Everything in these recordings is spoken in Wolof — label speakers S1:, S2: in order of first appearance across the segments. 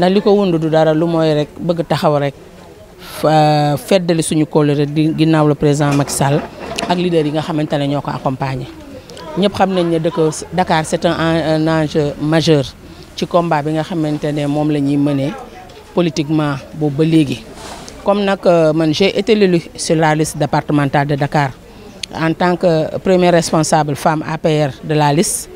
S1: na liko wundu du dara lu moy rek bëgg taxaw rek feddali suñu kóllëre di le président Macky Sall ak leader yi nga xamantene ñoko accompagner accompagné ñëpp xam nañ ne Dakar c'est un enjeu majeur ci combat bi nga xamantene mom lañuy la politiquement bo ba légui comme nak euh, man j'ai été l'élu sur la liste départementale de Dakar en tant que premier responsable femme APR de la liste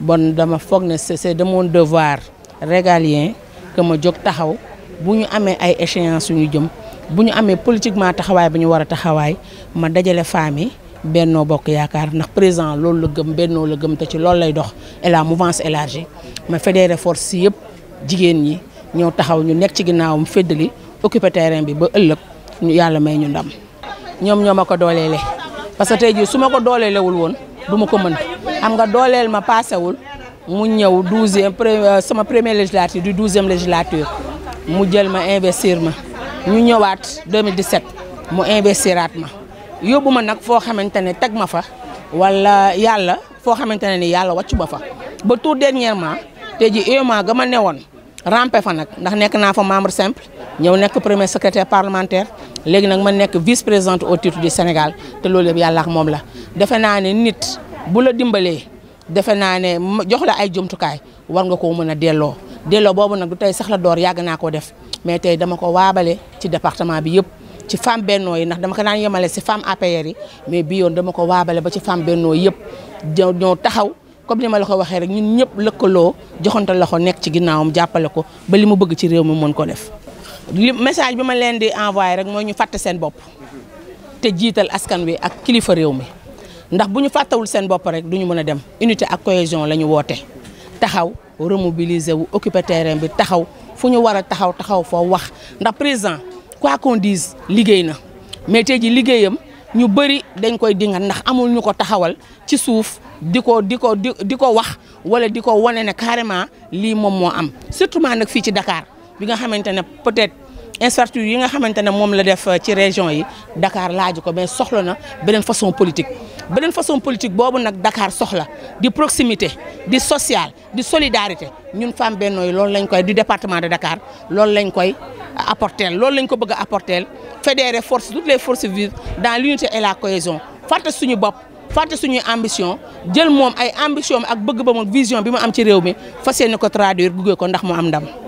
S1: bon dama fogné c'est de mon devoir régalien que ma jóg taxaw bu ñu amee ay échéances yu ñu jëm bu ñu amee politiquement taxawaay bu ñu war a taxawaay ma dajale femmes yi bennoo bokk yaakaar ndax président loolu la gëm bennoo la gëm te ci loolu lay dox et la mouvance élargie ma fédéré force si yëpp jigéen ñi ñoo taxaw ñu nekk ci ginnaawam féddali occupé terrain bi ba ëllëg ñu yàlla may ñu ndam ñoom ñoo ma ko dooleele parce que tey jii su ma ko dooleelewul woon du ma ko mën xam nga dooleel ma paasewul mu ñëw 12 euh, premier sama première législature du douzième législature mu jël ma investir ma ñu ñëwaat 2017 mu investiraat ma yóbbu ma nag foo xamante ne teg ma fa wala yàlla foo xamante ni yàlla wàccu ma fa ba tout dernièrement tey ji UEMOA ga ma newoon rampe fa nag ndax nekk naa fa membre simple ñëw nekk premier secrétaire parlementaire léegi nag ma nekk vice présidente au titre du Sénégal te loolu yëpp ak moom la defe naa ne nit bu la dimbalee defe naa ne jox la ay jumtukaay war nga koo mën a delloo delloo boobu nag du tey sax la door yàgg naa koo def mais tey dama ko waabale ci département bi yëpp ci femme bennoo yi ndax dama ko daan yemale si femme APR yi mais bi yoon dama ko waabale ba ci femme bennoo yëpp ñoo taxaw comme ni ma la ko waxee rek ñun ñëpp lëkkaloo joxante loxo nekk ci ginnaawam jàppale ko ba li mu bëgg ci réew mi mën ko def li message bi ma leen di envoyé rek mooy ñu fàtte seen bopp te jiital askan wi ak kilifa réew mi ndax bu ñu fàttawul seen bopp rek du ñu mën a dem unité ak cohésion la ñu woote taxaw remobiliser wu occuper terrain bi taxaw fu ñu war a taxaw taxaw foo wax ndax président quoi qu'on dise liggéey na mais tey ji liggéeyam ñu bëri dañ koy dinga ndax amul ñu ko taxawal ci suuf di ko di ko di di ko wax wala di ko wane ne carrément lii moom moo am surtout nag fii ci dakaar bi nga xamante ne peut-être incertitude yi nga xamante ne moom la def euh, ci région yi Dakar laaju ko mais soxla na beneen façon politique beneen façon politique boobu nag Dakar soxla di proximité di social di solidarité ñun femme Benno yi loolu lañ koy du département de Dakar loolu lañ koy apporter loolu lañ ko bëgg apporter fédérer force toutes les forces vives dans l'unité et la cohésion fàtte suñu bop, fàtte suñuy ambition jël moom ay ambition ak bëgg ba moom vision bima mu am ci réew mi fas yéene ko traduire buggee ko ndax mu am ndam.